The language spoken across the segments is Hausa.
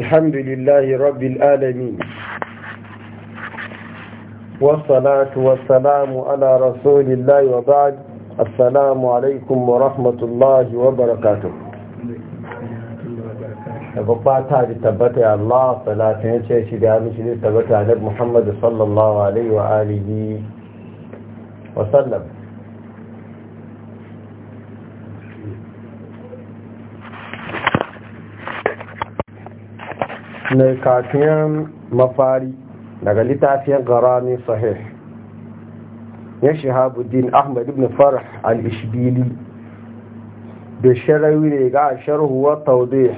الحمد لله رب العالمين والصلاة والسلام على رسول الله وبعد السلام عليكم ورحمة الله وبركاته babbata da tabbata ya Allah salatin ya ce shi da amince ne tabbata da Muhammad sallallahu alaihi wa alihi wa sallam na kafin mafari daga littafin garami sahih ya shahabuddin ahmad ibn farah al-ishbili da sharawi ne ga sharhu wa tawdih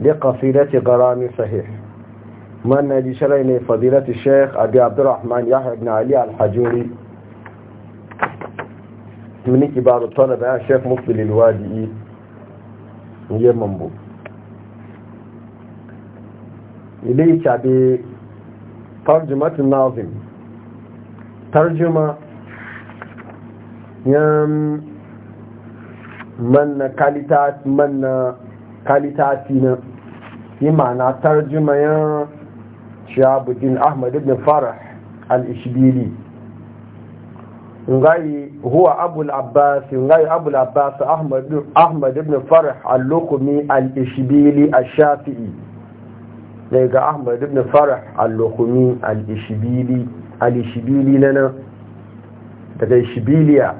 li garami sahih man naji sharai ne fadilati sheikh abi abdurrahman yahya ibn ali al-hajuri min kibar talaba ya sheikh mufti lil wadi'i yamman bu ilai cabe tarjumatun nazim tarjuma yan manna kalitati manna kalitati na yi ma'ana tarjuma yan shahabuddin ahmad ibn farah al-ishbili ngayi huwa abul abbas ngayi abul abbas ahmad ibn farah al-lukumi al-ishbili al-shafi'i daga ahmad ibn farah al-lukumi al-ishibili na nan daga ishibiliya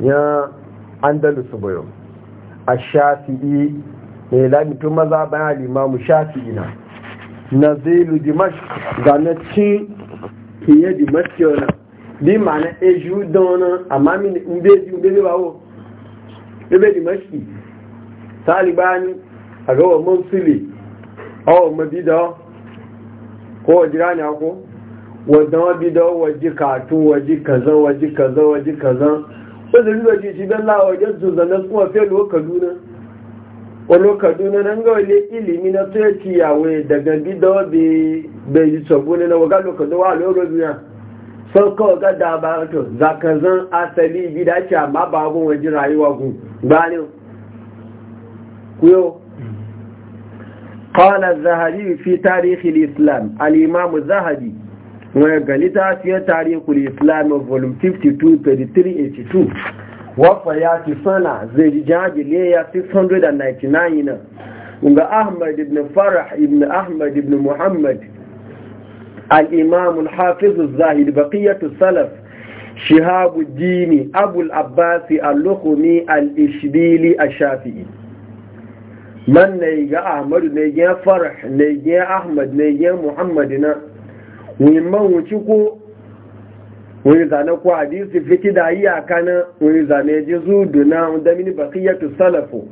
ya andalus bayo a shafi'i ne eh, lamitun maza bayan limamu shafi'i na na zelu dimash ga na cin kiye dimash yana bi yau na bí màánà ejú dánná àmámi ndéjú ndébéwáwó ebe dimashi tálibáni àgọ́wọ̀ fili. awon mabida ko wajira ne ako wadda mabida waje katun waje kaza waje kaza waje kaza wadda riba ce shi don lawajen su zanen kuma fiye kaduna wani kaduna nan ga wale ilimi na to ya ci yawe daga bida bai yi sabu ne na waga lokacin wa loro duniya sun kawo ga dabaratu zakazan asali gida ce amma babun waje rayuwa gun gbanin kuyo قال الذهبي في تاريخ الإسلام الإمام الذهبي وقالتها في تاريخ الإسلام volume 52 8382 wafa ya ci sana zai ji jajile ya 699 na ga ahmad ibn farah ibn ahmad ibn muhammad al-imam al-hafiz az-zahid baqiyatu salaf shihab ad-din abu al-abbas al-luqmi ash-shafi'i man ne ga Amadu, ne ga farah ne ga ahmad ne ga muhammad na wani man wuci ko wani zane ko hadisi fiti da yi a kana wani zane ji zudu na da mini bakiyatu salafu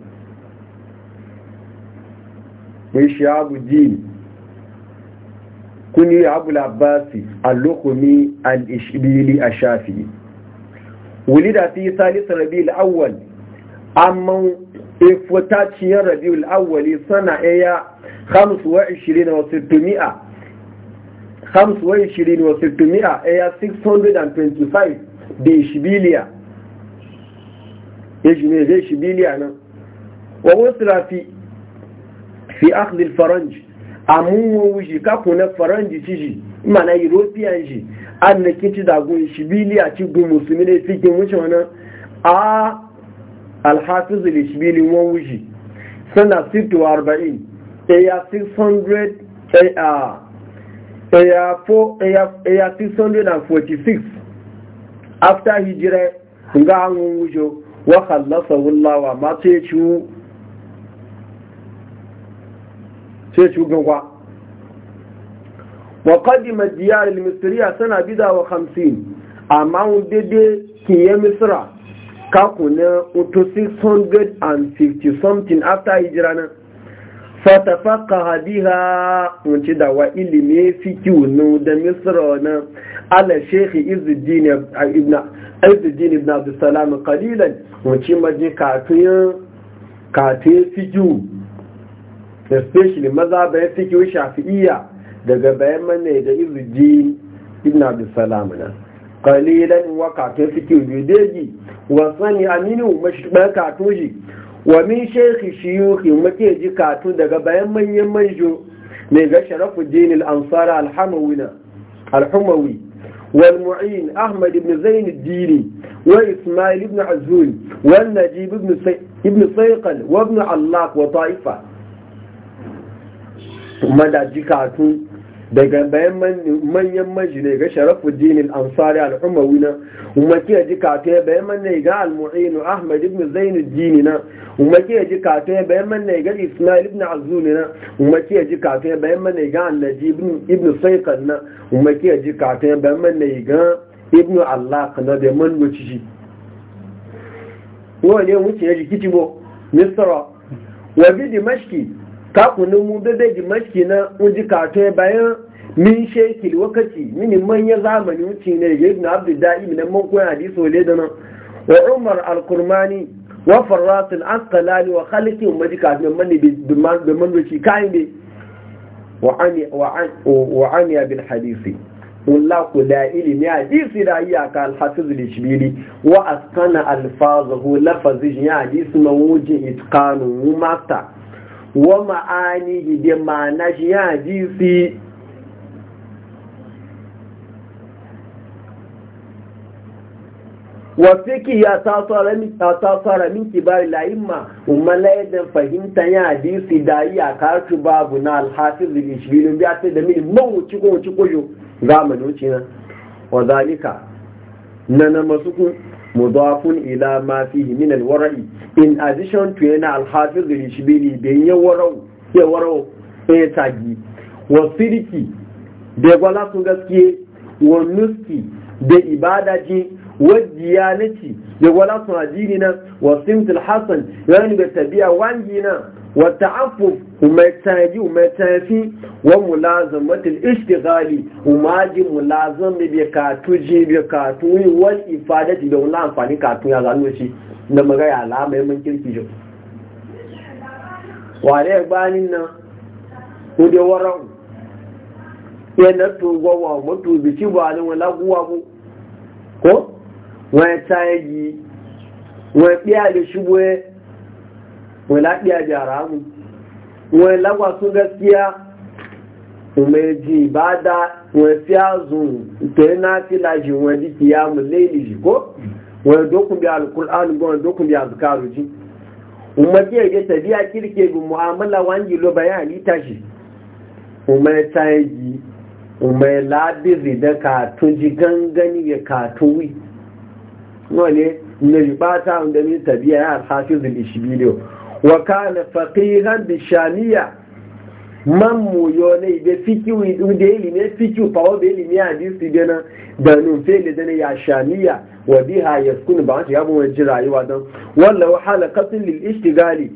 mai shi abu ji kuni abu labasi al-lukumi al-ishbili a shafi Wuli da fi salisa rabi al-awwal amman ifataciyar rabiul awwali sana iya 25 wa 600 25 wa 600 625 bi shibiliya ya shi ne zai shibiliya nan wa fi fi akhdil faranj amun wuji kaku na faranji ci mana european shi an na kici dagun ci gun musulmi ne wuce wani a alhafiz al-ishbili wọn wuce sana 640 eya 600 eya 646 after hijira ga hannun wuce wa kallasa wullawa ma ce ciwu gangwa wa kadima diyar al-misriya sana bida wa 50 amma daidai kinye misra na uto 650 something after hijira nan fatafaqaha biha mun da wa ilimi fiki nu da misra na ala shekhi izuddin ibn izuddin ibn abd salam mun ci maji katuyin katuyin fiki especially mazhabai fiki shafi'iyya daga bayan manne da izuddin ibn abdusalam na qalilan wa katun suke bedeji wa sani aminu mashban katuji wa min shaykhi shuyukhi muke ji katun daga bayan manyan manjo ne ga sharafuddin al-ansar al-hamawina al-humawi والمعين أحمد بن زين الديني وإسماعيل بن عزول والنجيب بن, سي... بن صيقل وابن علاق وطائفة جكاتون daga bayan manyan maji ne ga sharafu al-ansari al'ummawi umawi na umakiya ji kato ya bayan manna ne ga al-mu'in ahmad ibn zainu zainuddin na umakiya ji kato ya bayan manna ne ga ismail ibn azuni na umakiya ji kato ya bayan manna ne ga al ibn sayqan na umakiya ji kato ya bayan manna ne ga ibn allah na da man wuce shi wani wuce ya ji kitibo misra wa bi dimashki kakunin mu bebe jimashki na uji kato bayan min shekil wakati mini manyan zamani wuce ne da ibn abdul da'im na man koyan hadisi wale da nan wa umar al-kurmani wa farrat al-asqalani wa khaliki maji kato man da manzoci kayan ne wa ani wa hadisi ku da ilimi hadisi da iyaka al-hafiz al-ishbili wa askana alfazahu ya hadisi mawujin itqanu mata wa ma'ani da ma'ana shi ya hadisi wafiki ya tasara min kibari la'imma umarla da fahimta ya hadisi da yi a karfi babu na alhafiz da ishbirin biya sai da mini mawuci ko wuci koyo zamanin wuce na wa zalika na na masu kun mudafun ila ma fihi min alwara'i in addition to yana alhafiz rishbili bin ya warau ya warau ya tagi wa siriki da gwala sun gaskiye wa nuski da ibadaji wa diyanati da gwala sun ajini na wa simtul hasan yana da tabi'a wangi na والتعفف وما تاجي وما تافي وملازمة الاشتغال وما جي ملازم بكاتو جي بكاتو والإفادة بولا أنفاني كاتو يا غانوشي نما غير علامة من كيركي جو وعليه بانينا ودي وراء yana tuwa wa mutu biki ba ne wala guwa ko ko wani tayi wani biya da shi wai laɗiya jara mu wai lagwa su gaskiya mai ba da wai fiya ta to yana fila ji wai diki ya mu laili ji ko wai dokun bi alkur'an ko wai dokun bi azkaru ji umma ya ga tabiya kirke bi mu'amala wangi lo bayani ta shi umma ta yi ji. umma labiri da ka tuji gangani ya ka tuwi wale ne ba ta wanda ni tabiya ya hafizu bi shi bidiyo wa kana faqihan bi shamiya man mu ne be fiki wi de ne fiki pawo be di si dana da fe le dana ya shamiya wa biha yaskun ba ta yabo wa jira rayuwa dan wallahu halaqatin lil ishtigali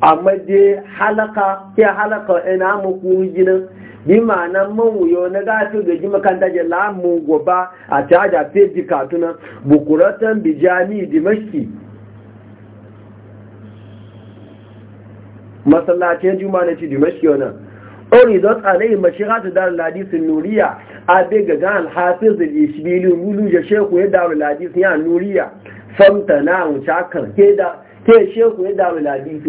amma je halaka ke halaka ina mu ku gidan bi ma'ana mawuyo na gafi gaji makanta je lamu goba a caja feji katuna bukuratan bijami dimashki masallacin juma na ci dimashki wannan ori zot alai mashihatu dar ladis nuriya abe ga gan hafiz al ishbili mulu ya sheku ya dar ladis ya nuriya famtana mu chakar ke da ke sheku ya dar ladis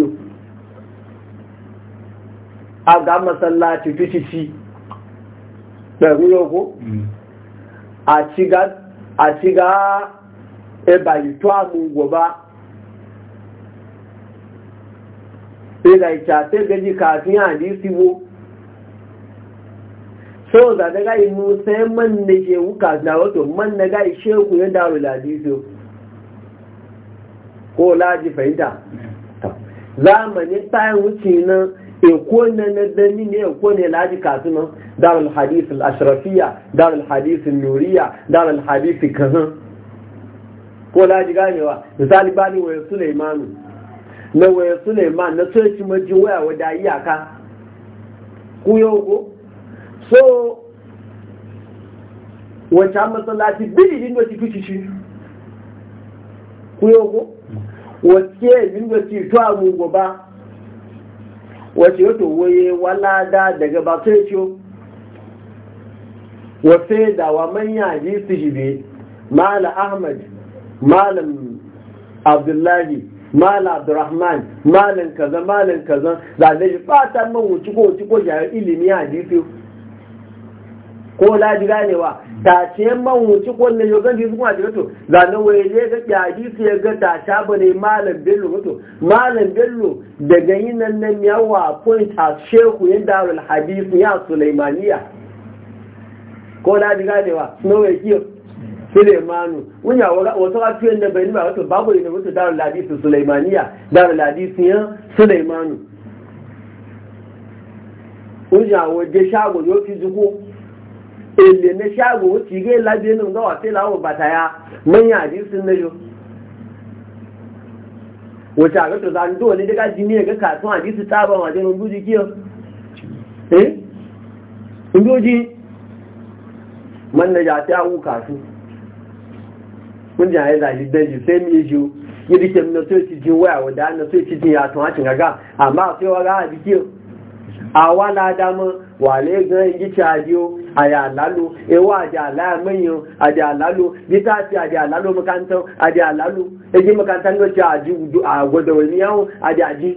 a ga masallaci tushishi, da ruwa ko mm. a ciga a ciga e bayitwa mu goba sai ga ita sai gaji kafin hadisi wo sau da daga inu sai man na ke wuka da wato man na gai sheku ya daru hadisi ko laji fahimta zamani tsayin wuce na eko na na dani ne eko ne laji kasu nan darul hadis al-ashrafiya darul hadis al-nuriya darul hadis kazan ko laji ganewa misali bani wa ya sulaimanu na waya suleiman na soci majin waya wada iyaka ku yau ko so wancan matsalaci yi da cikin shi ku yau ko wace min da to a mu ba wace yato waye walada daga ba sai ciyo wace da wa manya ji su jibe maala ahmad malam abdullahi mala abdurrahman malin kaza malin kaza da shi. fata man wuci ko wuci ko ya ilimi hadisi ko laji ganewa ta ce man wuci ko ne yogan ji kuma ji to da na waye ne ga ya hadisi ya ga ta ta bane malam bello to malam bello daga yin nan nan yawa point a shehu ya darul hadisi ya sulaimaniya ko laji ganewa no waye kiyo Suleimanu wunya wasu rafiyar da bai nima wato babu yana wato darul hadisin Sulaimaniya darul hadisin ya Suleimanu wunya waje shago yau fi zuko ele na shago wuce ga labe nan ga wata lawo bata ya manya hadisin na yau wace a gato zan dole daga jini ga kasuwan hadisi ta wajen rubuji kiyo eh rubuji man na ja ta hu kasuwa kun ji haye zali danji sai mi ji yi dike na so waya wadda na so ci ya gaga amma sai wa ga abiki a wala dama wale gan yi ci ajiyo aya aya lalo ewa a ja la a ja a ja a ja no e ji a a ja ji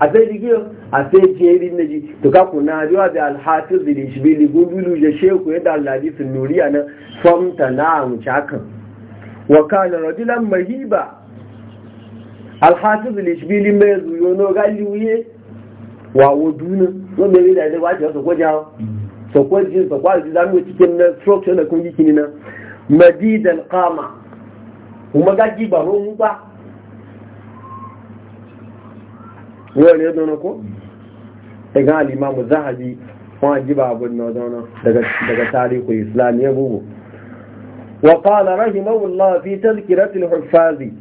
a sai jigiyo a sai yi na ji to ka kuna riwa da alhafiz da ishbili gudulu da sheku da alladi sun nuriya na famta na wuce hakan wa kana rajulan mahiba alhafiz da ishbili mai zuyo no gali wuye wa woduna no me ri da da wa jo so ko so ko so kwa ji zamu cikin na structure na kungiki yi na. madidan qama kuma ga ji ba ruwa yau ya dono ko daga alimamu zahabi wọ́n jí bá abin na zauna daga tarihu islam ya bugu wa ƙala rahimahullah fi tazkiratul hufazi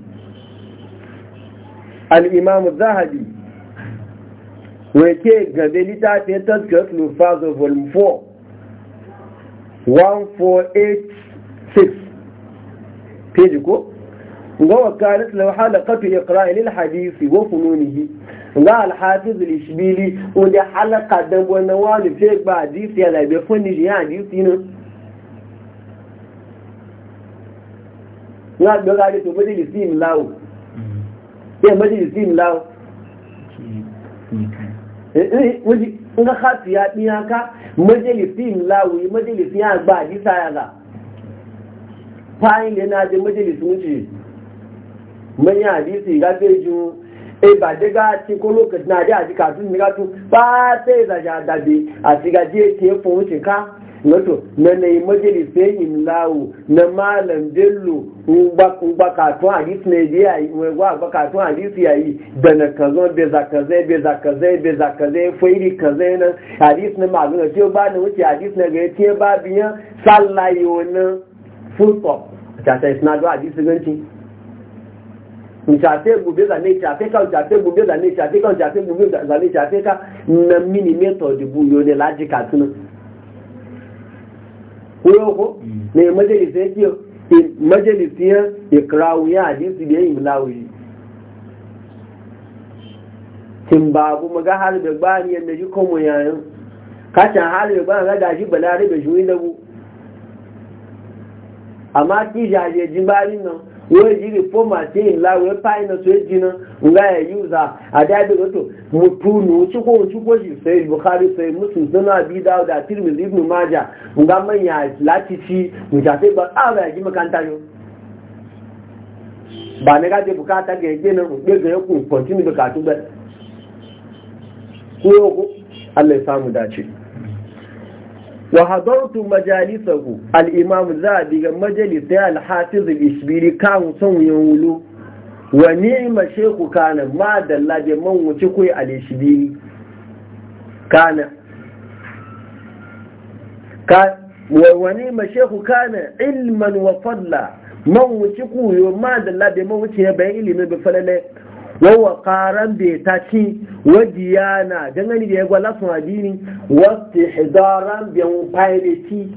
al'imamu zahabi wake gabe ya tazkiratul hufazi volume 4 1486 page ko ga wakalit lau halakatu ikra'ilil hadisi wa fununihi nga alhafiz lishibili wanda halaka da wani wani fe gba hadisi yana bai fún ni jiyan hadisi ne nga gbogbo hadisi majalisi milawo ya eh, eh, majalisi milawo nga hafi ya ɗiya ka majalisi milawo majalisi ya gba hadisa ya ga fayin da na je majalisi wuce manyan hadisi gafe jun e ba je ga ti ko lokaci na je a ji kafin ni ga tu ba sai da ja da bi a ti ga je ti fun wuce ka wato na na yi majalisai in lawo na ma malam bello ba katon hadisi ne da yayi wai ba katon hadisi yayi da na kazo be za kaze be za kaze be za kaze fairi kaze na hadisi na magana ce ba na wuce hadisi na ga ce ba biyan sallayo na full stop ta ta isna ga hadisi ganci nchafe gube zane nchafeka nchafe gube zane nchafeka nchafe gube zane nchafeka na mini method bu yo ne laji katsina ko ko ne majalisa yake majalisa ya ikrawu ya hadisi da yin lawi tin babu maga har da bani yanda ji komo yayin kacin har da bani ga daji balare da juyi da bu amma ki jaje jin bani nan wọ́n yìí lè fọ́ màá dé ńlá wọ́n páyì náà tó jiná ńlá ẹ̀ yóò zà àdáyébẹ̀ lọ́tọ̀ mo tú nù ó ṣúkọ́ ó ṣúkọ́ sì fẹ́ ìbùkárí fẹ́ mùsùlùmí sọ́nà àbí dáwọ́dà tìrìmì ìbùnú máa jà mẹ́yìn láti fi mùsàfẹ́ ààrẹ àjí mẹ́kántá yọ. bà ní ká dé bùkátà náà gbé gẹ̀ẹ́ kù pọ̀ tí kúrò kú alẹ́ sáà mú wa hadartu majalisahu al-imam zabi ga majalisi al-hafiz al-ishbili kan son yawulu wa ma sheku kana ma dalla bi man wuce kuyi al-ishbili kana ka wa ni'ma shaykhu kana ilman wa fadla man wuce kuyo ma dalla bi man wuce bayan ilimin bi falale wawa karan bai ta ci wa diyana dangane da ya gwala suna adini wasu hidaran biyan piracy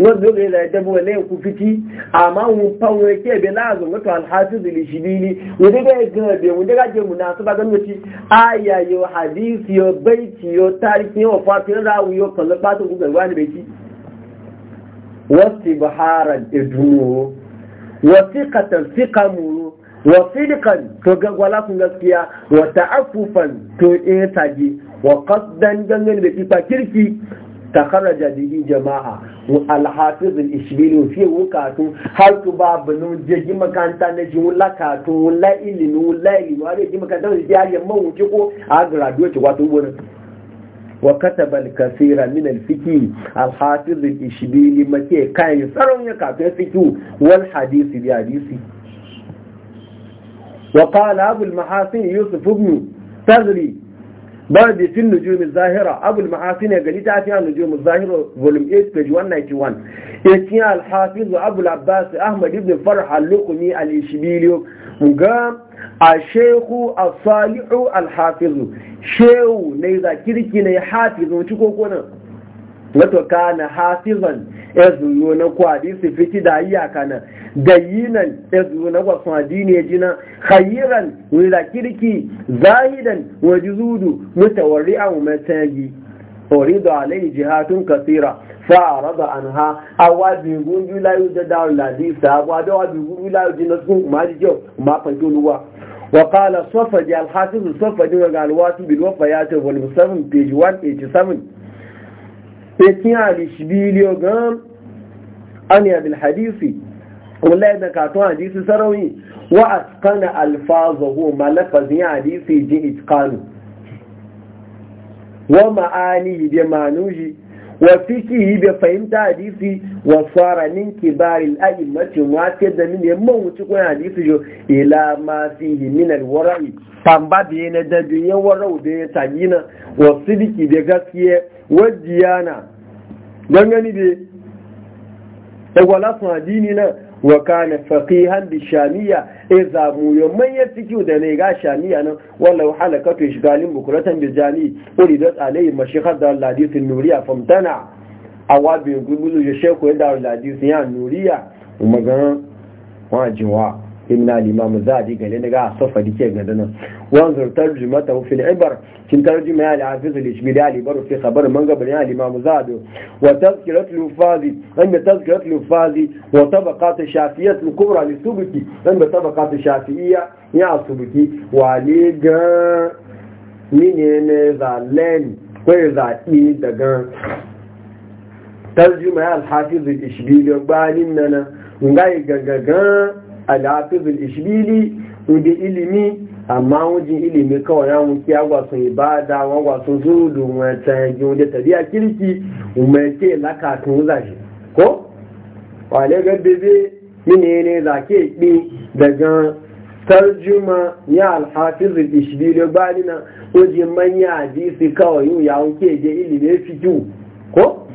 wọ́n zó lè rẹ̀ dẹ́bọ̀ lẹ́ẹ̀kú fiti àmá wọn pàwọn ẹkẹ́ ẹ̀bẹ̀ láàzọ̀ mẹ́tọ̀ alhazizù lè ṣìlì ní wọ́dẹ́gẹ́ gan ẹ̀bẹ̀ wọ́n dẹ́gà jẹ́ múnà tó bá gánú ti ayayọ hadithi yọ bẹ́ẹ̀tì yọ tarihi yọ fàfi ńlá wuyọ pẹ̀lú pátó gbogbo ẹ̀wá níbẹ̀ tí. wọ́n wa sidikan to gagwala kun gaskiya wa ta'affufan to in eh, taji wa qasdan gangan da kifa kirki Ta takaraja bihi jama'a al-hafiz al-ishbili fi wukatu har ku ba bunu makanta na ji wula katu wula ilimi wula ilimi wa ji makanta da ji ya man wuce ko a graduate wato wurin wa kataba al-kathira min al-fiqh al-hafiz al-ishbili make kai tsaron ya katu fiqh wal hadisi bi hadisi وقال أبو المحاسين يوسف ابن تغري بعد في النجوم الظاهرة أبو المحاسن قال تعطي عن النجوم الظاهرة فولم 8 page 191 يتيا الحافظ أبو العباس أحمد بن فرح اللقمي الإشبيلي مقام الشيخ الصالح الحافظ شيخ نيزا كيركي نيحافظ وشكو كونه wato ka na hafizan ezuru na kwadi su fi da iyaka na da yinan ezuru na kwasu adini ya jina hayiran wila kirki zahidan waje zudu mutawarri a umarci ori da alai jihatun kasira fa a raba an ha awa bigun julayu da daun ladi ta abuwa da wa bigun julayu jina sun ma ji jau ma fanto luwa wa kala sofa di alhafizu sofa di wa galuwa su bilwa fayata volume 7 page 187 sai alishbili gan an abil hadisi wallahi da katon hadisi sarauni wa askana alfazahu malafazin ya hadisi ji itkanu wa ma'ani bi manuji wa fikihi bi fahimta hadisi wa fara min kibaril a'immati wa ta da min yamma wuce kun hadisi jo ila ma fihi min tamba bi na da duniya warau da ya tagina wa sidiki da gaskiya wa diyana gangani be da e sun adini na wa kana faqihan bi shamiya idza e mu yamman yafiki da ne ga shamiya nan wala halakatu ishgalin bukuratan bi jami uridat e alayhi mashikhat da ladith nuriya famtana awabi gulu ya sheku da ladith ya nuriya magan wajiwa إمنا الإمام الزادي قال لنا قاعد صفة دي كيف ندنا وانظر ترجمته في العبر كنت ترجم يا العافظ اللي شبير يا العبر في خبر من قبل يا الإمام الزادي وتذكرة الوفاذي عند تذكرة الوفاذي وطبقات الشافية الكبرى للسبكي عند طبقات الشافية يا السبكي وليقا منين ذا لين ويذا إيدا ترجمة يا الحافظ الإشبيلي يا إننا نقاي قاقا al-hafiz al-ishbili da ilimi amma wajen ilimi kawai ya wuce ya gwasun ibada wa gwasun zudu wata yanki wajen tabiya kirki mai ke lakatun zashi ko wale gabe zai mini ne za ke ɗi daga tarjuma ya alhafiz al-ishbili bani na wajen manya hadisi kawai yau ya wuce je ilimi fikiu ko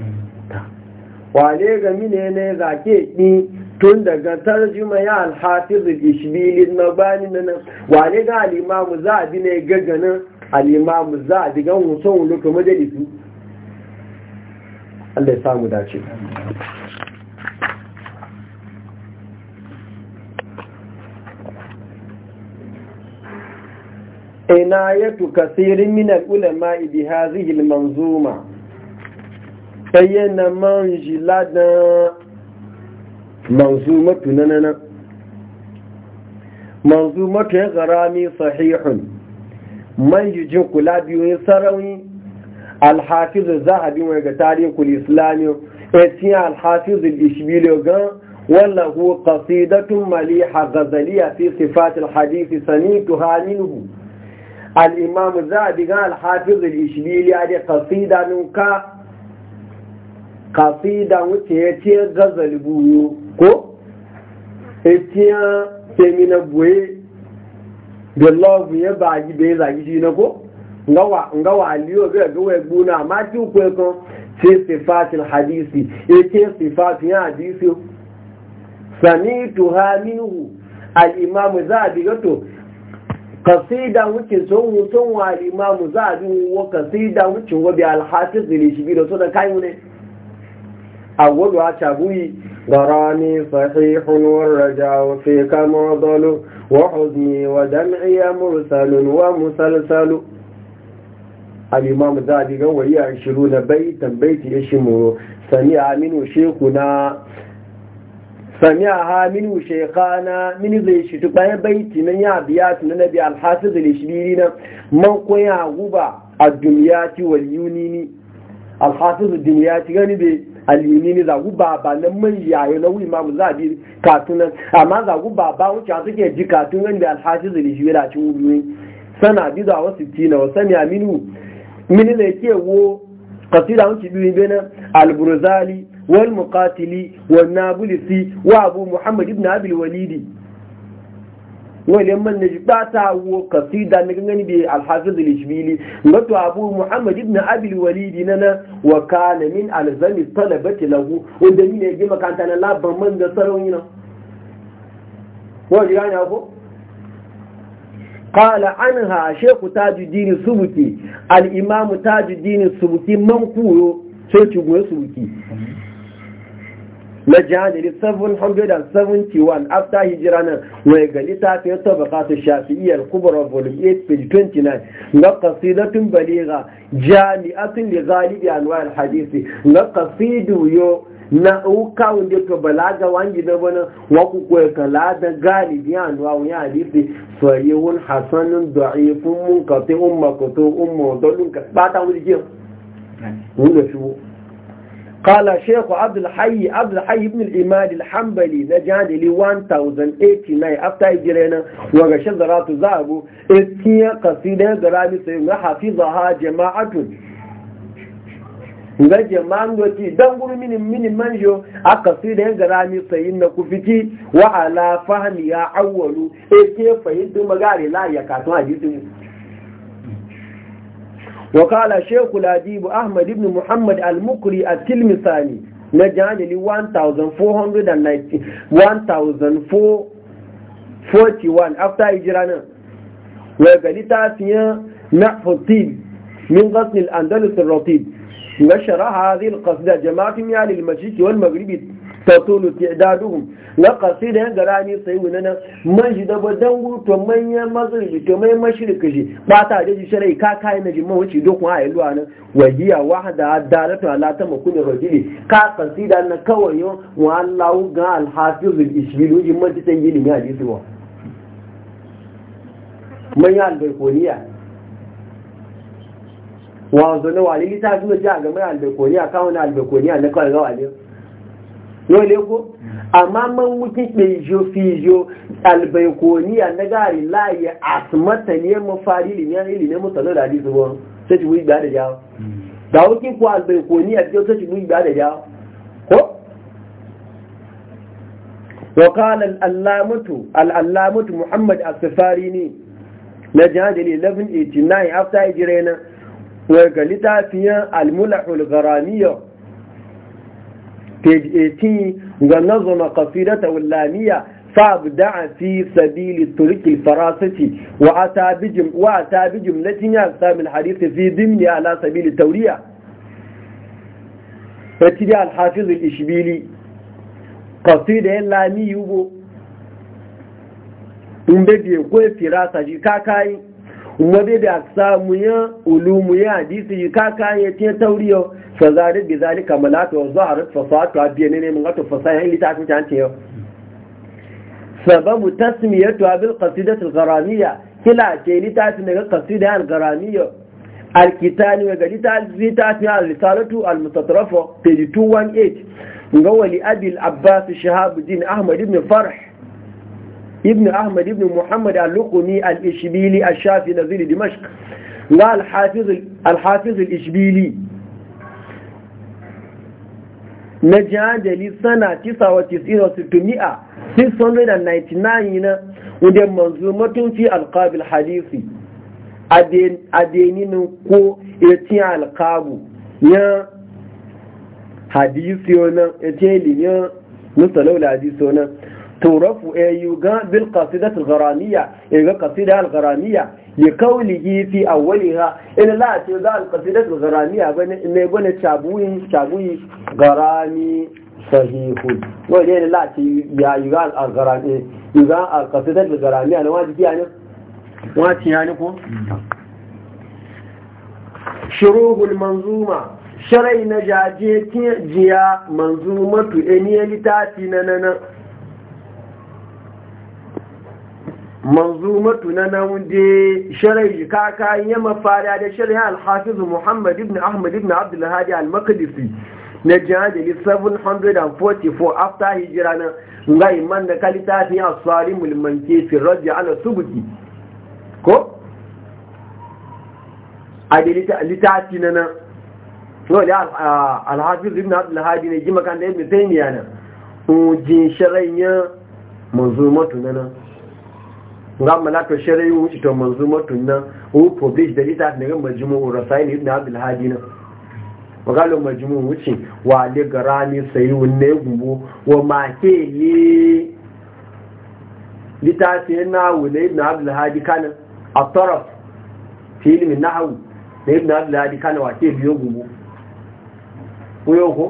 wale ga mini ne za ke ɗi tun daga tarjuma ya alhafiz ishbili na bani nan wane ga alimamu za a bi ne gagganin alimamu za a digan wuson lokacin majalisu Allah ya samu dace Ina ya kasirin min minar ulama ibi hadhihi al-manzuma sayyana man ladan. manzumatu ya garami sahihun man yi jin kula biyun sarauni alhafizu zahabi mai ga tarihul islamiyu etiyan alhafizu ishbiliyo gan wallahu qasidatun maliha gazaliya fi sifatil hadithi sanitu haminuhu al’imamu za a digan alhafizu ishbiliya da kasidanun ka kasidan wuce ya ce gazali ko etiyan temina buwe da love ya ba yi da ya zagi shi na ko nga wa aliyo ga ga wai guna amma ti ku kan ce sifatil hadisi e yake sifatin hadisi samitu ha minhu al imam zabi gato kasida wucin sun hutun wa al imam zabi wa kasida wucin wa bi al hafiz li da so kayu ne a tabuyi دراني صحيح والرجاء فيك معضل وحزني ودمعي مرسل ومسلسل الإمام الذهبي قوة وهي عشرون بيتا بيت يشمه سمع منه شيخنا سمعها منه شيخانا من ذي شتبه بيت من يعبيات من نبي الحاسد الإشبيرين من قوي عقوبة الدميات واليونين الحاسد الدميات غني بيه alimi ne zagu baba na mai yayo na wuyi mamu za a bi katunan amma zagu baba wuce a suke ji katunan da alhaji zai shi yana cin wuyi sana bi za wasu tina wasu ne aminu mini ne ke wo kasida wuce biyu na alburzali wal mukatili wal nabulisi wa abu muhammad ibn abil walidi wale man ne ba ta wo kasida ne gangani bi da alijmili ngato abu muhammad ibn abi alwalid nana wa kana min alzami talabati lahu wanda ni ne gima kanta na laban man da sarau yana wani yana ko qala anha shaykh tajuddin Al'imamu ta imam tajuddin subuti man kuro sai ci go subuti na jihadari 771 after hijira nan yi ga littafin shafi iyar kubra volume 8 page 29 ga qasidatun baligha jami'atun li ghalibi anwa al-hadisi na qasidu yo na uka wanda to balaga wangi na bana wa ku kala da galibi anwa wani hadisi mun hasanun da'ifun munqati'un maqtu'un mawdalun ka bata wuri ke wanda shi قال شيخ عبد الحي عبد الحي بن الإمام الحنبلي نجاد لي 1089 after hijirena waga shazaratu zabu iskiya قصيدة zarabi sai حفظها جماعة jama'atun ga jama'an doki dan guru mini mini manjo a qasida zarabi sai na kufiti wa ala fahmi ya awwalu iskiya fahimtu magari la ya katu hadisi وقال شيخ الأديب أحمد بن محمد المقري التلمساني نجاني 1441 after hijirana wega litafiya من غصن الأندلس الرطيب نشر هذه القصيدة جماعة من أهل المشرق tatulu ke daduhum na kasida yan gara sai wuna nan man shi da badan guto manya mazurbi to mai mashirka shi ba ta da shirai ka kai na jimma wuce dokun a yalwa nan wajiya wahada dalatu ala ta makuni rajuli ka kasida na kawai yo wa Allahu ga al-hafizul isbilu jimma ta tan yini ya jisi wa manya al-baykoniya wa zana wa lilita tun da ga mai al-baykoniya kawo na al na kawai ga waliyo ne ko amma man wuki ɗejo fijo albaikoniya na gari laye asmata ne mafari limiyar ilimin mutane da hadisu ba sai ci wuyi da jawo da wuki ko albaikoniya ce sai ci wuyi da jawo ko Muhammad a safari ne na نجاد 1189 after hijirena wa wargalita fiye al-mulahul gharamiyya page 18 ga nazama qasidata wallamiya fabda fi sabili turk al farasati wa atabijum wa atabijum latin ya sami al hadith fi dimni ala sabili tawriya fatidi al hafiz al ishbili qasida wallamiya go umbe ko firasaji kakai wadda da samu ya ulumu ya hadisi yi kaka ya ce tauriyo fa zari bi zari kamalata wa zuwa fasatu a biya ne neman wato fasaya yin littafin ta ce yau sababu tasmiyatu abil qasidatul garamiya kila ce littafin daga qasida al garamiya al kitani wa littafin al risalatu al mutatrafa page 218 ga wali abil abbas shahabuddin ahmad ibn Farah. ibn ahmad ibn muhammad al-luqumi al-ishbili ash-shafi nazir dimashq wa al-hafiz al-hafiz al-ishbili na jihadali sana 99 699 na wadda manzo matunci alkabil hadisi adeninin ko etin alkabu ya hadisi wani etin ilimin musalawar hadisi wani turafu ayu ga bil qasidati al-gharaniya ga qasida al-gharaniya li qawlihi fi awwaliha in la ce ga al-qasidati al-gharaniya ne bane chabuyi chabuyi garani sahihun manzuma sharai na jaje jiya manzumatu eniyali Littafi na nanan manzumatu na namun da sharai kaka ya mafara da sharai al-hafiz Muhammad ibn Ahmad ibn Abdul Hadi al-Maqdisi na jihadi 744 after hijira na Nga iman da kalita fi as-salimul manke fi radi ala subuki ko a adilita litati na na no da al-hafiz ibn Abdul na ne ji makan da ibn Taymiyyah na ujin sharai ya manzumatu na na nga malaka shari'i wuce to matun nan o publish da ita da ga majmu'u rasail ibn abdul hadi nan magalo majmu wuce wa le garani sayi wonne gumbo wa ma ke lita sai na wule ibn abdul hadi kana at-taraf fi ilmi nahwu ibn abdul hadi kana wa ke biyo gumbo ko yo ko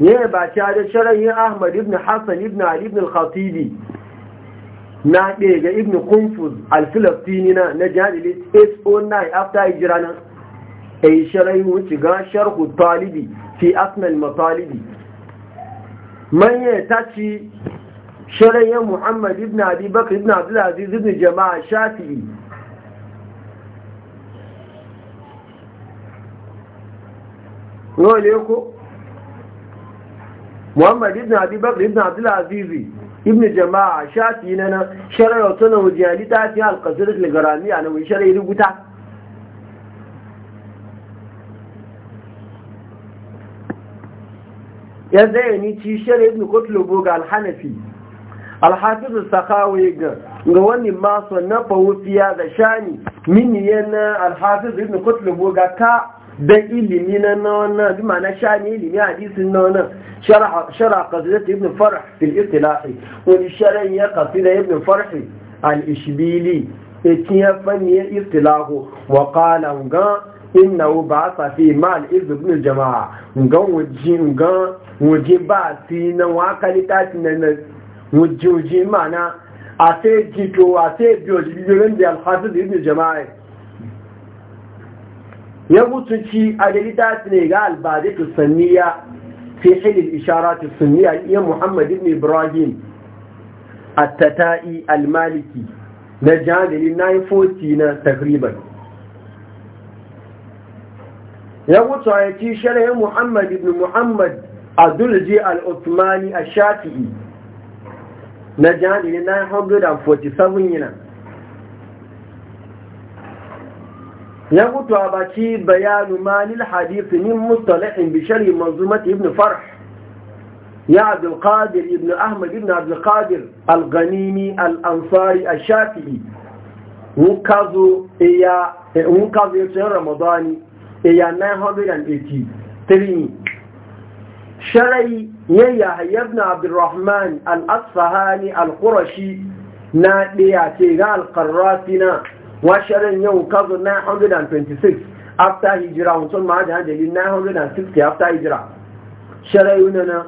ne ba ta da sharayin ahmad ibn hassan ibn ali ibn al-khatibi na ɗaya ga ibn kunfuz al-filistini na na jihadili 809 after hijira na a yi sharayin wuce ga sharhu talibi fi asnal matalibi manye ta ci sharayin muhammad ibn abi bakar ibn abdulaziz ibn jama'a shafi'i Nwa ne ko? muhammad ibn abubakar ibn abdulaziz ibn jama'a shafi na na sharar wata na wujiyali ta fi alkasirar ligarami a na wani sharar rubuta ya zai ni ci sharar ibn kotlobo ga alhanafi alhafizu sakawai ga ga wani masu na fawufiya da shani miniyan na alhafizu ibn kotlobo ga ka da ilimi na wannan bi ma'ana shani ilimi hadisin na wannan shara qasidat ibn farh fil istilahi wani sharan ya qasida ibn farh al ishbili etin ya fanni ya istilahu wa qala ga innahu ba'atha fi mal ibn ibn jamaa ga wajin ga waje ba ti na wakali ta ti na wajin ma'ana a sai jito a sai biyo jibirin da al-hafiz ibn jama'a ya mutunci a da littafi ne ga albadatu sanniya fi hilil isharatu samiya iya muhammad ibn ibrahim at-tata'i al-maliki na jadalin 940 na takriban ya mutu a yaki sharhin muhammad ibn muhammad abdulji al-uthmani a shafi'i na jadalin 947 yana ya mutu a baki bayanu malil hadith min mustalahin bi shari manzumat ibn farh ya abdul qadir ibn ahmad ibn abdul qadir al ghanimi al ansari al shafi'i mukazu ramadan iya 980 sharai ya yahya ibn abd al al-asfahani al-qurashi na diya ce ga al-qarratina washarin yau kazo 926 after hijira mutum ma da hajjali 960 after hijira sharai yuna na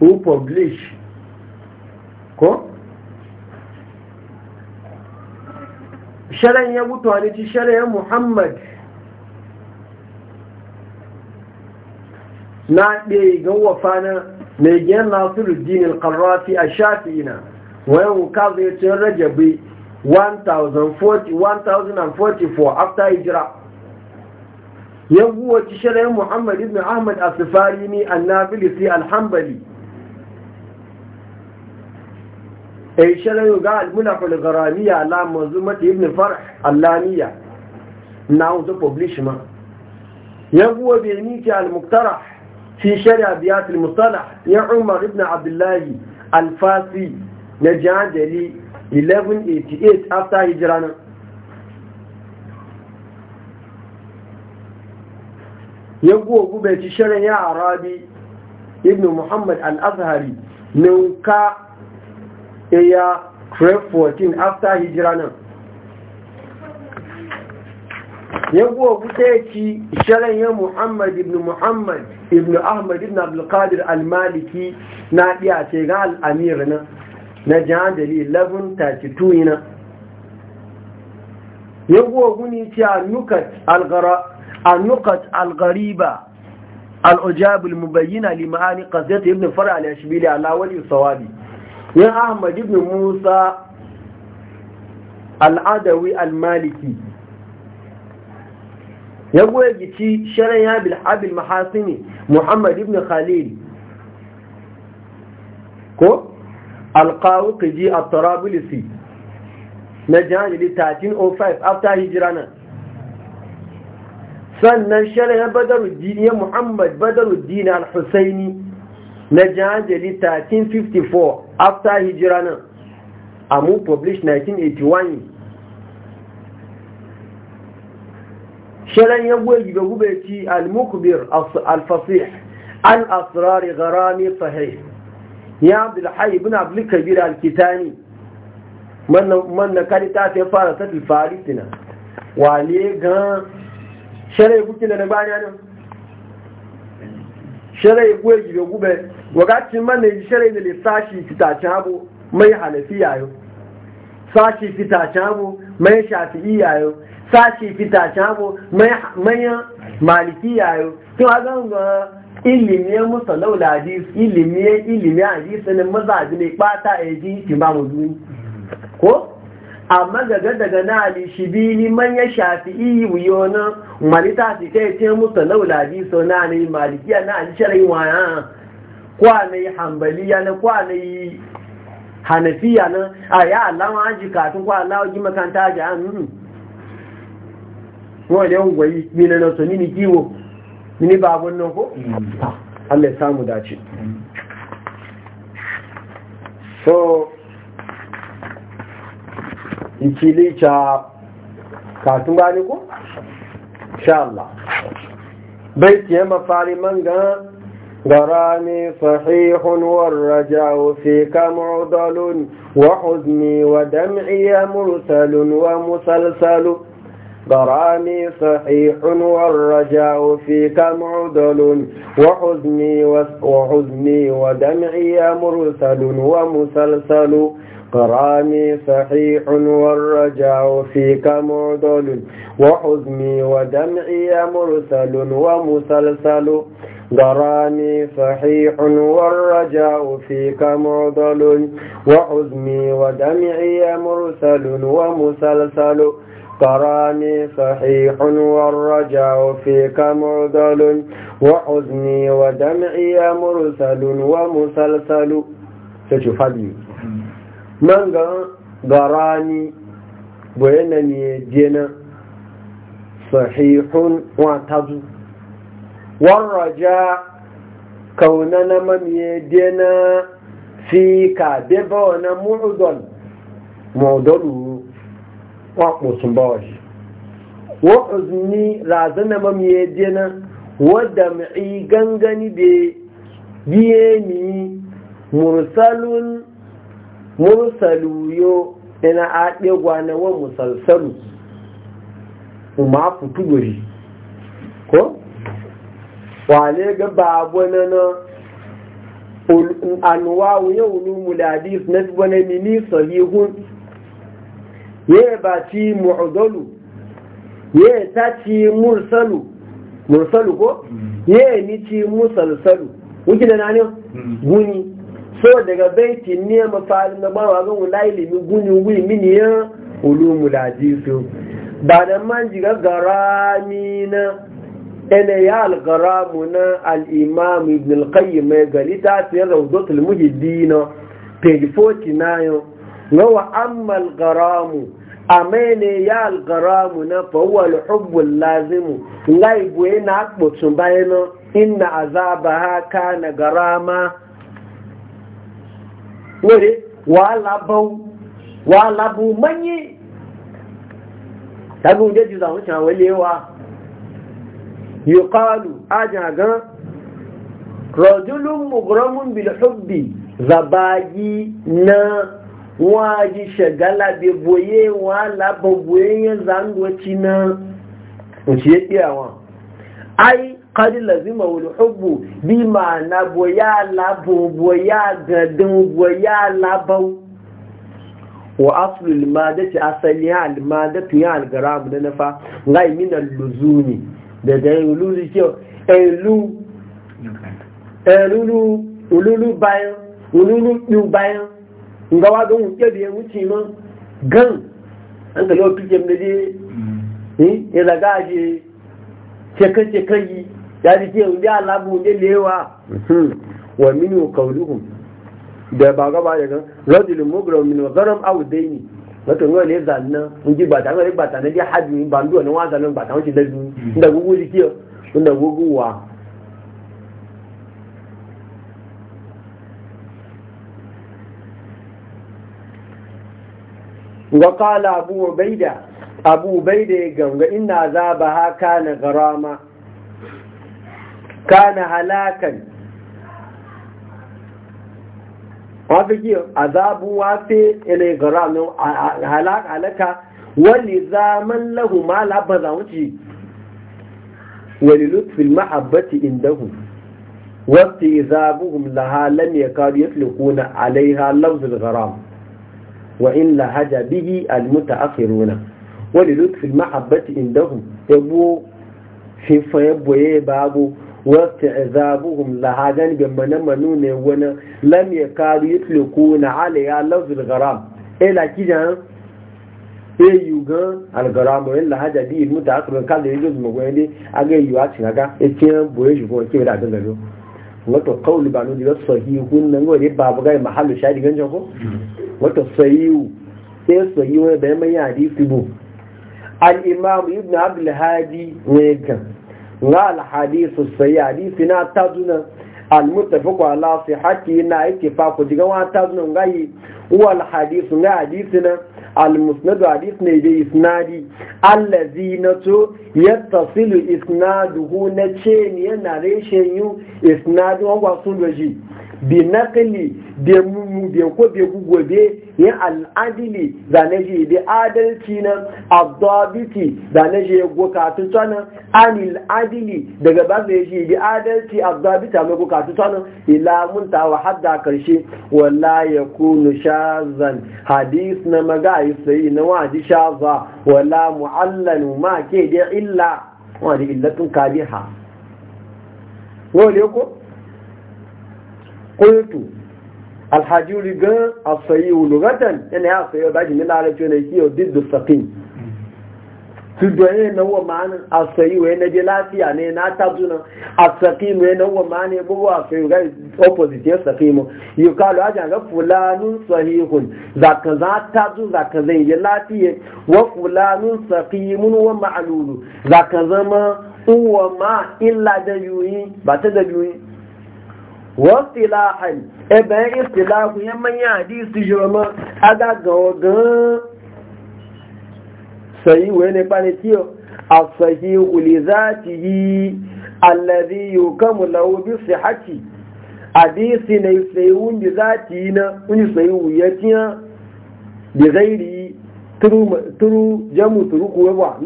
who publish ko? sharai ya mutu wani ci sharai muhammad na ɗe ga wafa na mai gina nasiru dinin ƙarrafi a shafi ina wayan kazo ya ce rajabi 1044 after hijra ya buwaci shirayen muhammad ibn ahmad a sifari ne annabilisi alhambali a yi shirayen ga al-Gharamiya alamar zumata ibn farh allaniya na wuzo publish ma ya buwa al almuktara fi shari' abiyat al mustalah ya umar ibn abdullahi alfasi na jihar 1188 after hijira nan ya gogu bai ci shirin ya arabi ibn muhammad al-azhari ninka iya e 1214 after hijira nan ya gogu sai ci shirin ya muhammad ibn muhammad ibn ahmad ibn abdulkadir al-maliki na ɗiya ce ga al'amir nan na jande li lagun tatituina yago guni ci annukat algara annukat algariba الاجاب المبينه لمعاني قضيه ابن فرع الاشبيلي على ولي صوابي يا احمد بن موسى العدوي المالكي يا ويجي شرعيا بالحاب المحاسني محمد بن خليل كو alƙawuƙiji a tarabulisi na jihajili 1305 after hijira nan sannan shari'a badaruddin ya muhammad badaruddin al-husaini na jihajili 1354 after hijira nan amu publish 1981 shari'a ya gwaji da gube ci al-mukbir al-fasih an asirari gharami sahih ya abdul hayy ibn abdul kabir al-kitani man na kari ta sai fara ta farisina wale gan shirai kuke da na bani nan shirai kuwa gibe e gube wakacin man na yi sharai da sashi fitacen abu mai halafi yayo sashi fitacen abu mai shafi'i yayo sashi fitacen abu mai maliki yayo tun a zan ilimi musa laula hadis ilimi ilimi hadis ne mazaji ne bata e ji imamu zuni ko amma daga daga na ali shibini man ya shafi iyi wuyona malita ti kai ce musa laula hadis na ne malikiya na ali sharai waya kwa ne hanbaliya na kwa ne hanafiya na a ya alama aji kafin kwa alawa ji makanta ji an nuna hmm. wani yawon gwayi mina na sonini kiwo mini ba abin nan ko? Allah ya samu dace. So, ikili ca katun gani ko? Sha Allah. Bai ke mafari ne gan garani sahihun warraja fi kamudalun wa huzni wa dam'i ya wa musalsalu غرامي صحيح والرجاء فيك معدل وحزني وحزني ودمعي مرسل ومسلسل غرامي صحيح والرجاء فيك معدل وحزني ودمعي مرسل ومسلسل غرامي صحيح والرجاء فيك معدل وحزني ودمعي مرسل ومسلسل طراني صحيح والرجع فيك معضل وحزني ودمعي مرسل ومسلسل ستفضل من غراني بينني دينا صحيح واتض والرجاء كوننا من يدنا فيك ببون معضل معضل kwakwo sun bawa shi wa razana mamiye jena wadda mai gangani da biye ni mursalun mursaluyo ina a ɗegwa na wa musalsalu ma fito gori ko wale ga babu na na alwawu yau nu muladis na wani mini sahihun ya ba ci mu'adalu ya ta ci mursalu mursalu ko mm. ya ni ci musalsalu wuki da nani mm. guni so daga baiti ne mafarin na bawa ga wula ilimin guni wuli mini ya ulumu da jisu ba da man jiga garami na ene ya algaramu na al-imam ibn al-qayyim mai gari ta fiye raudotul muhiddina page 49 wa ammal garamu amene ya algaramu na fawwa alhubbul lazimu ngai buye na akpotun bayano inna azabaha kana garama wore wa labu wa labu manyi tabu je ju zawo chan welewa yuqalu aja ga rajulun mugramun bil hubbi zabaji na Wa á shagala ṣẹ̀gálà bí wa wọ́n á lábọ̀ boyé yẹn zangoci náà òṣì é pé ai kari lazima wani hubu bi ma na boyá labo boyá gàdán boyá lábọ̀ wa asulul madati asali ya almadatu ya algaramu da nafa ngai min alluzuni da da ululu ke elu elulu ululu bayan ululu bayan nga wa ga wuce ya wuce man gan an ga yau tuke da je mm. eh, ya zaga je cekan-cekan yi ya ji ke wunde wunde lewa wa minu kauluhum da ba gaba da gan rajulun mugram min zaram aw daini wato ngo le zanna unji bata ngo le bata ne ya hadu bandu ne wa zanna bata wuce da mm. da gugu dikiyo da guguwa wa qala abu ubaida abu ubaida ya ganga inna azabaha kana garama kana halakan wafi kiyo azabu wafi ilai garamin halaka wani zaman lahu ma labaza wuce wani lutfin ma'abbati indahu wasu izabuhum laha lam ya kawo ya fi alaiha lafzul garam وإن لهج به المتأخرون وللطف المحبة عندهم يبو في فيبو يبابو واستعذابهم لها جانب من منون ونا لم يكادوا يطلقون عليها لفظ الغرام إلا كجان ايوغان الغرام وإن لهج به المتأخرون قال يجوز مغوين دي أغير يواتي لغا اتيان بويش بويش بويش بويش wato kauli ba nuna wasu sahihun nan gwa ne babu gai mahallu shadi ganjan ko wato sahihu sai sahihu ne bayan mai hadisi bu al'imamu imam ibn abdul hadi ne kan ga al-hadithu sahih hadisi na taduna almuttafiqu ala sihhati na ittifaqu diga wa ta zun ngai wal hadith na hadith na al musnad hadith ne bi isnadi allazi na to yattasilu isnaduhu na ce ne yana reshen yu isnadu wa sun waji bi naqli bi mu bi ko bi gugo gobe ya al adili da ne je bi adalci nan adabiti da ne je goka tutana anil adili daga ba ne je bi adalci adabita mai goka tutana ila mun ta wa hadda karshe walla yakunu shazan hadis na magai sai na wadi shaza wala muallanu ma ke da illa wadi illatun kabiha wole ko kultu alhajuri gan asayi ulugatan yana ya asayiwu ba ji nila alaƙi na kiyo diddu sakin su doye na wa ma'anin asayi asayiwu yana je lafiya ne na tabbuna asaƙimu yana wa ma'anin bugu asayiwu ga opposite ya mu yi kalu aji ga fulanun sahihun zaka za ta zu zaka zai je lafiya wa fulanun saƙimun wa ma'alulu zaka zama uwa ma illa da yuyi ba ta da yuyi wasilahan ebe istilahu ya manya hadisi jiroma agagawa gan sayi wani panitiyo a sahi ulizatihi allazi yukamu lahu bi sihhati hadisi ne sai wundi zati na wani sai turu turu kuwa ba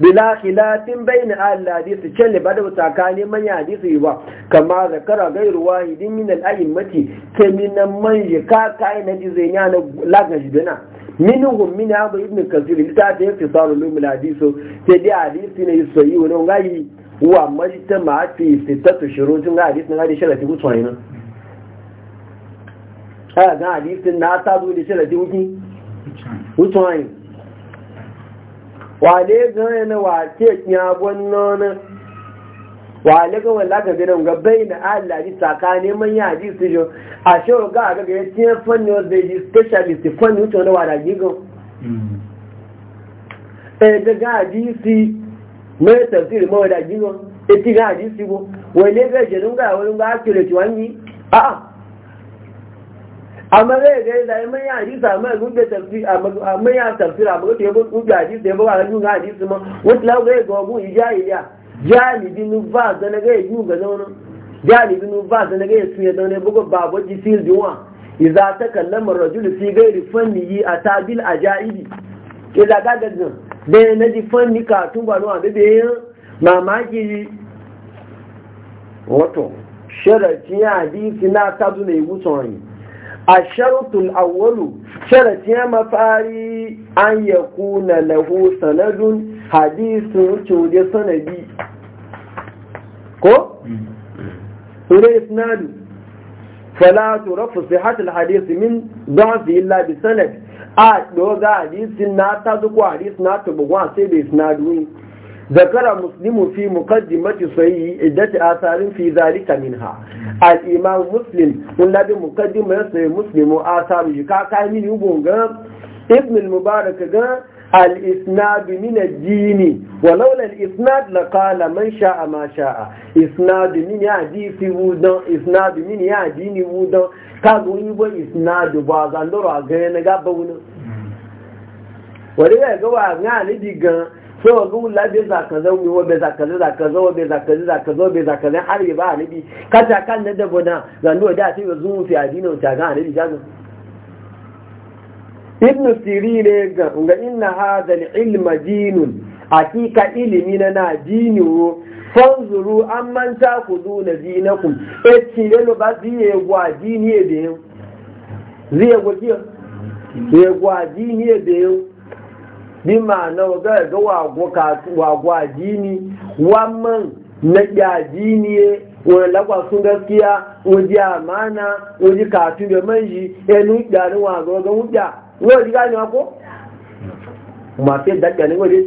bila khilafin bayna ahli hadith challe bada tsakani man hadisi ba kama zakara gairu wahidin min al a'immati kaminan man yaka kai na dizenya na laga jibina minhum min abu ibn kasir litata yafsar ulum al hadith sai dai hadisi ne sai wani ngai wa majtama fi sittatu shurutun hadisi na hadisi sharati gutsuwa ne ga hadisi na ta zo da sharati gutsuwa wale zai na wace yabon nonon wale ga wala ga gidan ga bai na Allah ji tsakanin man ya ji su jo a shawar ga ga ya tiyan fanni wanda ji specialist fanni na wani ji go eh ga ga ji si mai tafsir ma go e ti ga ji si bo wale ga jinun ga wani ga kire ci wani a'a amma zai ga yadda ya manya hadisa a a manya tafsir amma hadisa ya a hadisa ma wata lau ga ya yi ga zana ga ya suya ya bugu babu iza ta fi gairi fanni yi a tabil a ja'ibi ga zan da ya fanni ka tun ba nuwa mamaki wato hadisi na tazu mai wuce wani asharutul awwalu sharati ya mafari an yakuna lahu sanadun hadisu cewa sanadi ko sura isnadu fala turafu sihhatul hadith min da'fi illa bi sanad a doga hadithin na ta zuwa hadith na tubu sai da isnadu ذكر مسلم في مقدمة صحيح عدة آثار في ذلك منها الإمام مسلم والذي مقدمة صحيح مسلم آثار يكاكا من يبون ابن المبارك غا الإسناد من الدين ولولا الإسناد لقال من شاء ما شاء إسناد من يهدي في ودا إسناد من يهديني ودا كاغو يبو إسناد بازان دورا غينا غابونا ولذا يقول عن عن دي sai wa gumu labe za ka zau ne wabe za ka zau za ka zau wabe za ka zau za ka zau wabe za ka zau har yi ba a anabi kata kan na dabo na zanuwa da ta yi zuwa fi adina wuta ga anabi jagun ibn siri ne ga inna hada ilma dinun hakika ilimi na na dini wo fanzuru an manta ku zo duna dinakum e ci tire ba ziye gwa dini e da yau ziye gwa dini e da yau bi ma'ana ga ga wagwa jini wamman na yaji ne wani lagwasun sun gaskiya waje amana waje katu da manji ya nuɗa ni wa ga ga wuɗa wani gani ko mafi daga ni waje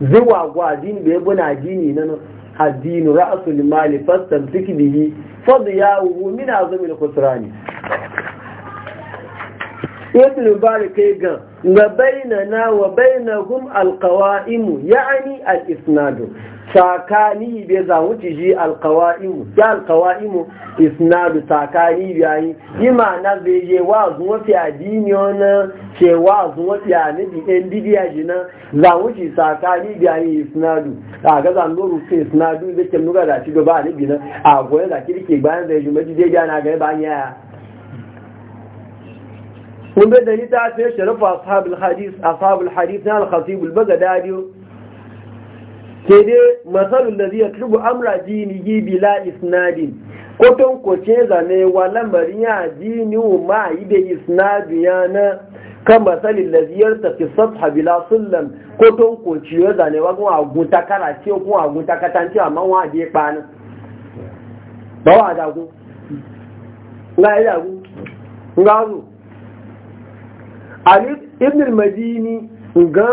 zai wagwa jini da ya buna jini na nan addini ra'asul mali fastan siki bihi fadiyahu min azamil khusrani ibn barik kai gan wa bainana wa bainahum alqawa'imu ya'ni al-isnadu tsakani bai za wuce shi alkawa'imu ya alkawa'imu isnadu tsakani biyayi yi yi ma'ana zai je wa zuwa fi adini ce wa zuwa fi anibi 'yan bidiya shi na za wuce tsakani yi isnadu a ga zan nuru fi isnadu zai ke nuna da ba a anibi na? a goya da kirki bayan zai shi maji zai gana ga yi ba yaya da ni ta littafin sharifa ashabul hadis na al-khatib al-baghdadi ke dai masal ladhi yatlubu amra dinihi bila isnadin ko ton ko ce zane wa lamarin ya dini ma yi isnadu yana na kan masal ladhi yartaqi satha bila sullam ko ton ko ce zane wa kun agun takara ce kun agun takatan ce amma wa de pa na ba wa da ku ngai da ku ngazu ali ibn al-madini ga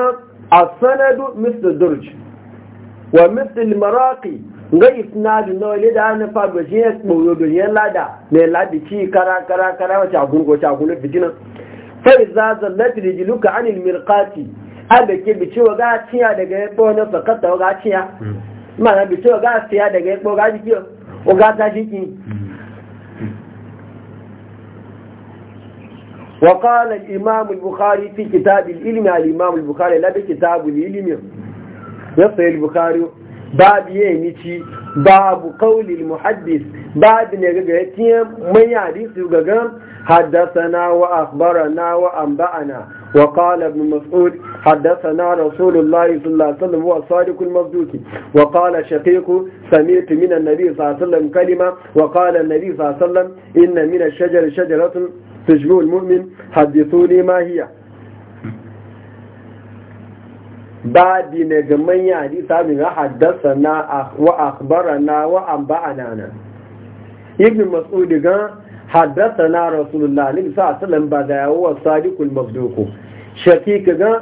Asanadu sanadu misl durj wa misl maraqi ga isnadu na wale da ana fa ba shi tsoro da yan lada ne ladi ci kara kara kara wata gungo ta gulu bijina fa iza zallat rijluka anil mirqati ada ke bi ciwo ga ciya daga yabo na sakata ga ciya mana bi ciwo ga ciya daga yabo ga jikiyo o ga ta jiki hmm. وقال الإمام البخاري في كتاب العلم الإمام البخاري لا كتاب العلم يصل البخاري باب يمشي باب قول المحدث باب نغغتيم من يحدث غغم حدثنا وأخبرنا وأنبأنا وقال ابن مسعود حدثنا رسول الله صلى الله عليه وسلم هو الصادق المصدوق وقال شقيق سمعت من النبي صلى الله عليه وسلم كلمة وقال النبي صلى الله عليه وسلم إن من الشجر شجرة تشبه المؤمن حدثوني ما هي بعد نجمي حديث من حدثنا وأخبرنا وأنبعنا ابن مسؤول قال حدثنا رسول الله صلى الله عليه وسلم بدأ هو الصادق المصدوق شكيك قال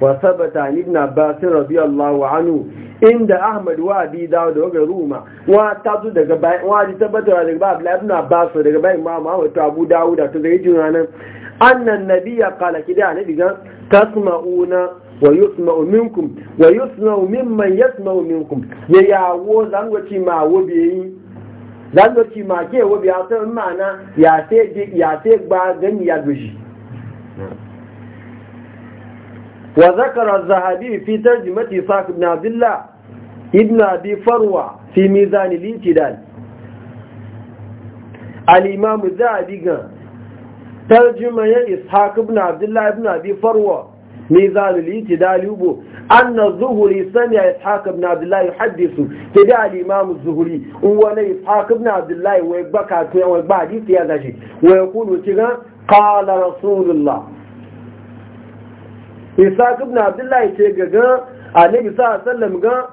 وثبت عن ابن عباس رضي الله عنه عند احمد وابي داود وغيرهما واتذ daga bayan waji tabbatar daga babu ibn abbas daga bayan mama wa to abu daud to zai ji nan annan nabiyya qala kida annabi ga tasma'una wa yusma'u wa yusma'u mimman yasma'u minkum ya yawo zangoci ma wobe ma ke wobe ya san ma'ana ya sai ya sai gba gani ya doji وذكر الزهبي في ترجمة إسحاق بن عبد الله ابن أبي فروة في ميزان الانتدال الإمام الذهبي ترجمة إسحاق بن عبد الله ابن أبي فروة ميزان الانتدال يبو أن الظهري سمع إسحاق بن عبد الله يحدث تدعى الإمام الظهري وأن إسحاق بن عبد الله ويبكى ويبكى حديث يا ذا ويقول قال رسول الله isa ibn abdullahi ce ga annabi sa sallam ga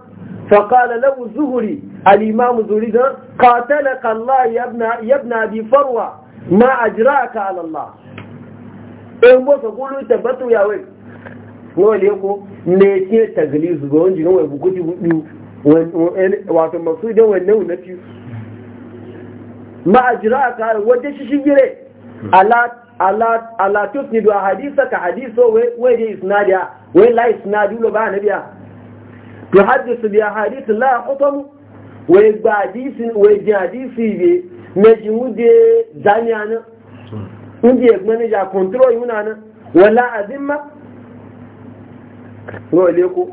qala lahu Zuhri al imam zuhri الله يا ابن, yabna yabna bi farwa ma. ajraka ala allah in ba su kulu tabatu ya wai le ko ne ce taglis go wani jinin wai e bukuti hudu wato masu idan wani nau na fiye ma'ajira a kayan wadda shi shigire ala ala tusnidu a hadisa ka hadiso wai dai isnadiya wai la isnadu lo ba na biya to hadisu biya hadisu la hutamu wai gba hadisi wai ji hadisi bi na ji wude zaniya na inda ya gbani ja kontrol yuna na wala azimma ga wale ko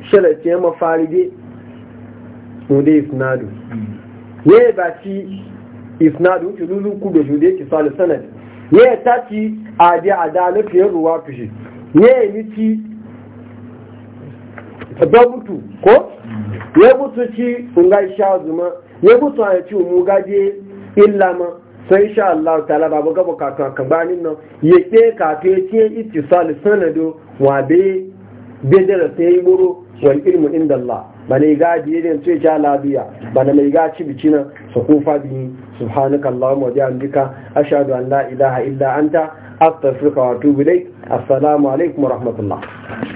shalace ya mafari dai wude isnadu hmm. yai ba ci isnadu ki lulu ku da jude ki salu sanadi ya tafi a da adalafiyar ruwa fushi ya yi miki da mutu ko ya mutu ci unga sha zuma ya mutu a ci mu gaje illa ma sai insha Allah ta'ala babu gaba kakan kabanin nan ya ke kafe ce ittisal sanado wa be be da sai muru wal ilmu inda Allah bane gaji yadda ce sha labiya bane mai gaci bicina sakufa bi subhanaka allahumma wa bihamdika ashhadu an la ilaha illa anta astaghfiruka wa atubu ilayk assalamu alaikum wa rahmatullah